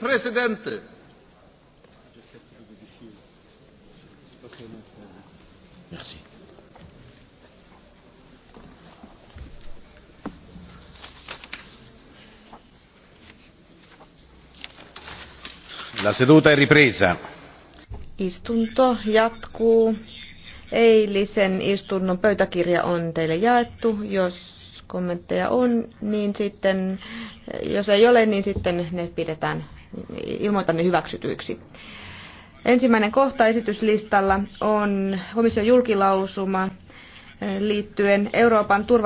Presidente! Merci. La seduta è ripresa. Istunto jatkuu. Eilisen istunnon pöytäkirja on teille jaettu. Jos kommentteja on, niin sitten, jos ei ole, niin sitten ne pidetään ilmoitamme hyväksytyiksi. Ensimmäinen kohta esityslistalla on komission julkilausuma liittyen Euroopan turvallisuus-